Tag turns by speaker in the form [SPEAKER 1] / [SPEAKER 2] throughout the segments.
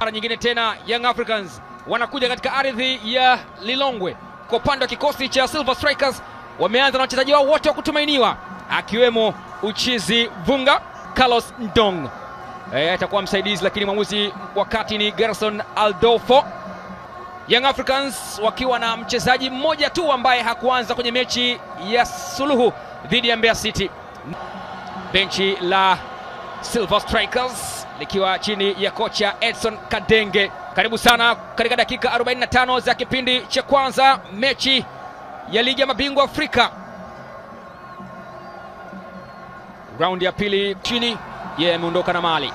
[SPEAKER 1] Mara nyingine tena Young Africans wanakuja katika ardhi ya Lilongwe. Kwa upande wa kikosi cha Silver Strikers wameanza na wachezaji wao wote wa kutumainiwa akiwemo Uchizi Vunga, Carlos Ndong e, atakuwa msaidizi, lakini mwamuzi wakati ni Gerson aldofo Young Africans wakiwa na mchezaji mmoja tu ambaye hakuanza kwenye mechi ya suluhu dhidi ya Mbeya City. Benchi la Silver Strikers likiwa chini ya kocha Edson Kadenge. Karibu sana katika dakika 45 za kipindi cha kwanza mechi ya ligi ya mabingwa Afrika raundi ya pili. Chini yeye ameondoka na Mali,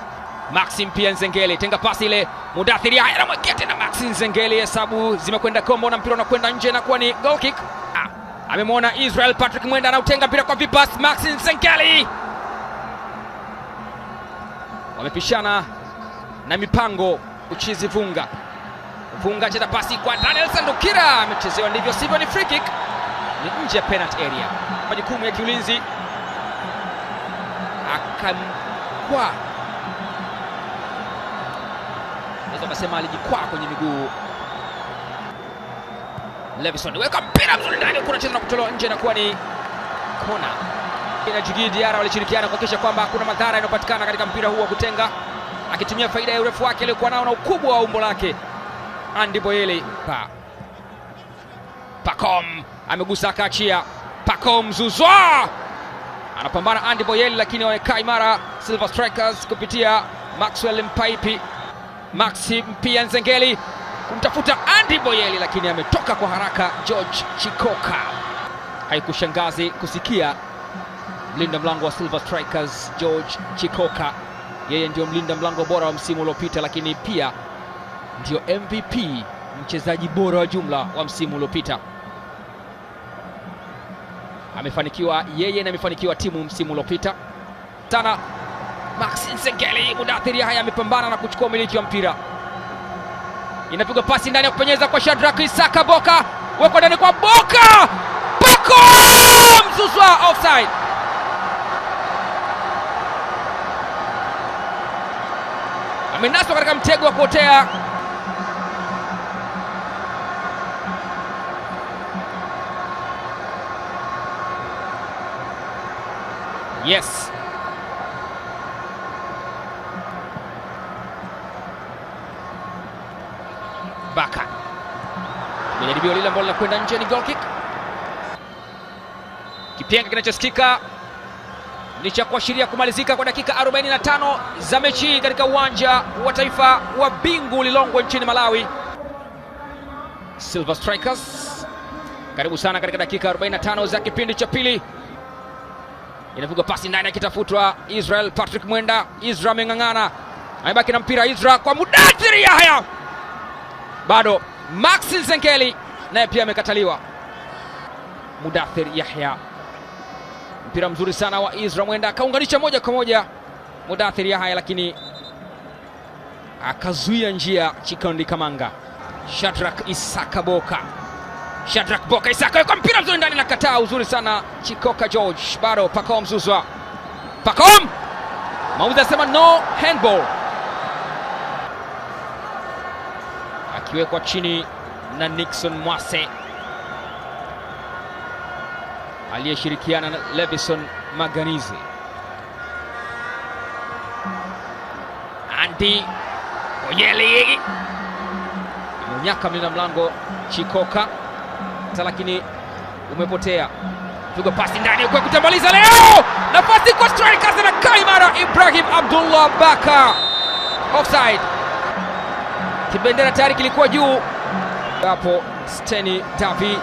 [SPEAKER 1] Maxim pia Nzengeli tenga pasi ile, Mudathiri haya mwekete na Maxim Nzengeli, hesabu zimekwenda kombo na mpira unakwenda nje na kuwa ni goal kick. Ah, amemwona Israel Patrick Mwenda anautenga mpira kwa vipas, Maxim Nzengeli wamepishana na mipango. Uchizi Vunga, Vunga cheza pasi kwa daniel sandukira amechezewa ndivyo sivyo, ni free kick, ni nje ya penalty area. Majukumu ya kiulinzi, akamkwa naweza ukasema alijikwaa kwenye miguu. Levison weka mpira mzuri ndani, kunacheza na kutolewa nje, kuwa ni kona na Djigui Diarra walishirikiana kuhakikisha kwamba hakuna madhara yanayopatikana katika mpira huu wa kutenga, akitumia faida ya urefu wake aliyokuwa nao na ukubwa wa umbo lake. Andy Boyeli pa Pacom amegusa akaachia. Pacom Zuzwa anapambana Andy Boyeli, lakini wamekaa imara Silver Strikers kupitia Maxwell Mpaipi, Maxi Mpia Nzengeli kumtafuta Andy Boyeli, lakini ametoka kwa haraka George Chikoka. Haikushangazi kusikia mlinda mlango wa Silver Strikers George Chikoka, yeye ndio mlinda mlango bora wa msimu uliopita, lakini pia ndio MVP, mchezaji bora wa jumla wa msimu uliopita. Amefanikiwa yeye na amefanikiwa timu msimu uliopita sana. Maxi Sengeli Mudathir haya amepambana na kuchukua umiliki wa mpira, inapigwa pasi ndani ya kupenyeza kwa Shadrack Isaka, Boka wekwa ndani kwa Boka, Boko mzuzwa offside. amenaswa katika mtego wa kuotea. Yes, Baka amejaribia lile ambalo linakwenda nje, ni goal kick, kipenga kinachosikika licha cha kuashiria kumalizika kwa dakika 45 za mechi hii katika uwanja wa taifa wa Bingu Lilongwe nchini Malawi. Silver Strikers karibu sana katika dakika 45 za kipindi cha pili, inapigwa pasi ndani, akitafutwa Israel Patrick Mwenda. Isra ameng'ang'ana, amebaki na mpira. Isra kwa Mudathir Yahya, bado Maxi Nzengeli naye pia amekataliwa. Mudathir Yahya Mpira mzuri sana wa Israel Mwenda akaunganisha moja kwa moja Mudathir Yahya, lakini akazuia njia Chikondi Kamanga. Shadrack Isaka Boka, Shadrack Boka, Isaka kwa mpira mzuri ndani na kataa, uzuri sana Chikoka George, bado Pacome Zouzoua, Pacome mauzi asema no handball, akiwekwa chini na Nixon Mwase aliyeshirikiana na Levison Maganizi. andi Oyeli nyaka mlinda mlango Chikoka, lakini umepotea. Pigo pasi ndani kwa kutambaliza leo, nafasi kwa striker na kaimara Ibrahim Abdullah Baka. Offside, kibendera tayari kilikuwa juu hapo. Steny Davi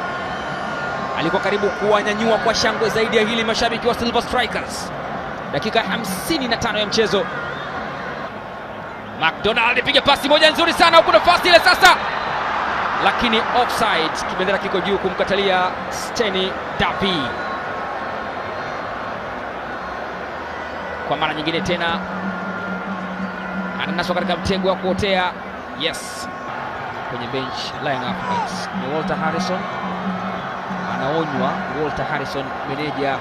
[SPEAKER 1] alikuwa karibu kuwanyanyua kwa shangwe zaidi ya hili mashabiki wa Silver Strikers. Dakika 55 ya mchezo, McDonald alipiga pasi moja nzuri sana huku, nafasi ile sasa, lakini offside, kibendera kiko juu kumkatalia Steny Dapi. Kwa mara nyingine tena ananaswa katika mtego wa kuotea. Yes, kwenye bench line up ni Walter Harrison anaonywa Walter Harrison, meneja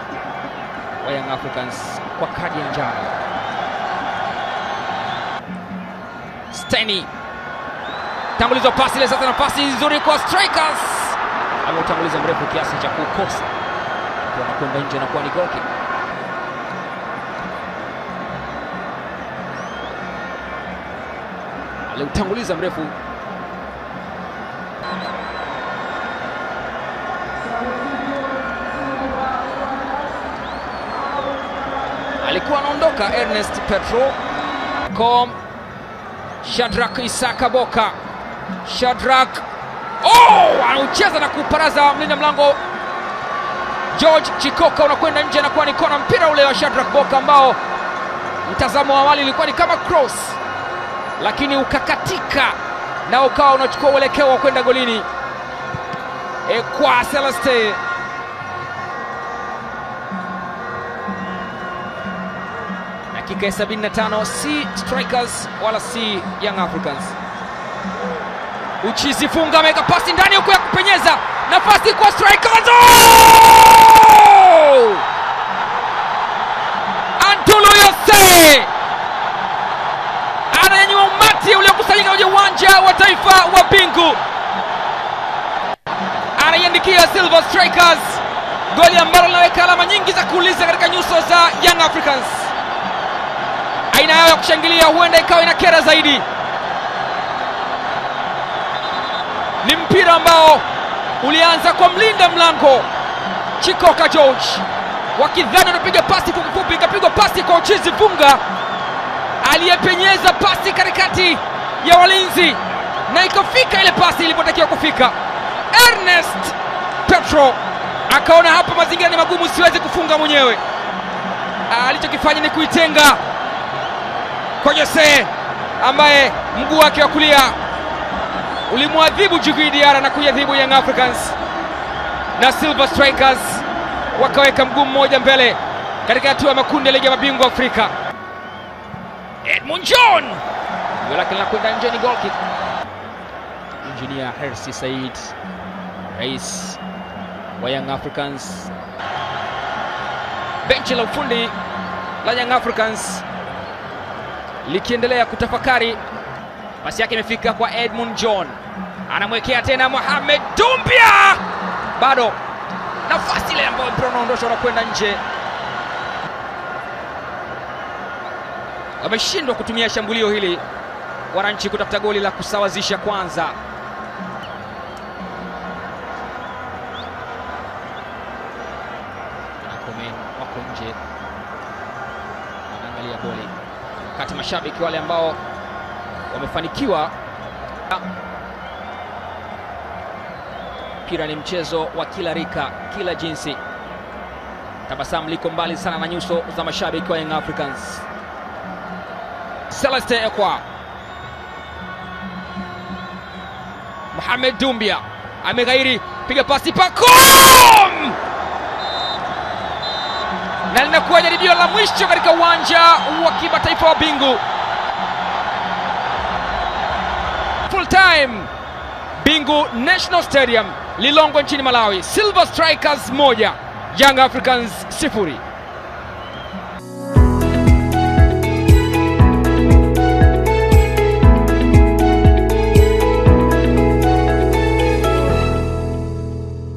[SPEAKER 1] wa Young Africans kwa kadi ya njano. Steny tangulizwa pasi ile, sasa nafasi nzuri kwa strikers, ameutanguliza mrefu kiasi cha kukosa, anakwenda nje, anakuwa ni goki aliutanguliza mrefu alikuwa anaondoka Ernest Petro com Shadrack Isaka Boka Shadrack oh! anaucheza na kuparaza mlinda mlango George Chikoka, unakwenda nje, anakuwa ni kona. Mpira ule wa Shadrack Boka ambao mtazamo wa awali ilikuwa ni kama cross, lakini ukakatika na ukawa unachukua uelekeo wa kwenda golini. Ekwa Celeste dakika ya 75, si strikers wala si Young Africans. Uchizi funga, ameweka pasi ndani huko ya kupenyeza, nafasi kwa strikers. Oh! Antulu Yose ananyanyua umati uliokusanyika kwenye uwanja wa taifa wa Bingu, anaiandikia Silver Strikers goli ambalo linaweka alama nyingi za kuuliza katika nyuso za Young Africans aina yao ya kushangilia huenda ikawa ina kera zaidi. Ni mpira ambao ulianza kwa mlinda mlango Chikoka George, wakidhani anapiga pasi kwa kifupi, ikapigwa pasi kwa Uchizi funga aliyepenyeza pasi katikati ya walinzi na ikafika ile pasi ilipotakiwa kufika. Ernest Petro akaona hapa mazingira ni magumu, siwezi kufunga mwenyewe. Alichokifanya ni kuitenga kwa jose ambaye mguu wake wa kulia ulimwadhibu Djigui Diarra na kuiadhibu Young Africans, na Silver Strikers wakaweka mguu mmoja mbele katika hatua ya makundi ya ligi ya mabingwa Afrika. Edmund John lake linakwenda nje, ni goal kick. Hersi Said, rais wa Young Africans, benchi la ufundi la Young Africans likiendelea kutafakari. Pasi yake imefika kwa Edmund John, anamwekea tena Mohamed Dumbia, bado nafasi ile ambayo mpira unaondoshwa unakwenda nje. Wameshindwa kutumia shambulio hili wananchi kutafuta goli la kusawazisha kwanza. mashabiki wale ambao wamefanikiwa. Mpira ni mchezo wa kila rika, kila jinsi. Tabasamu liko mbali sana na nyuso za mashabiki wa Young Africans. Celeste Ekwa, Mohamed Dumbia ameghairi, piga pasi pako na linakuwa jaribio la mwisho katika uwanja wa kimataifa wa Bingu. Full time Bingu National Stadium Lilongwe nchini Malawi, Silver Strikers moja Young Africans sifuri.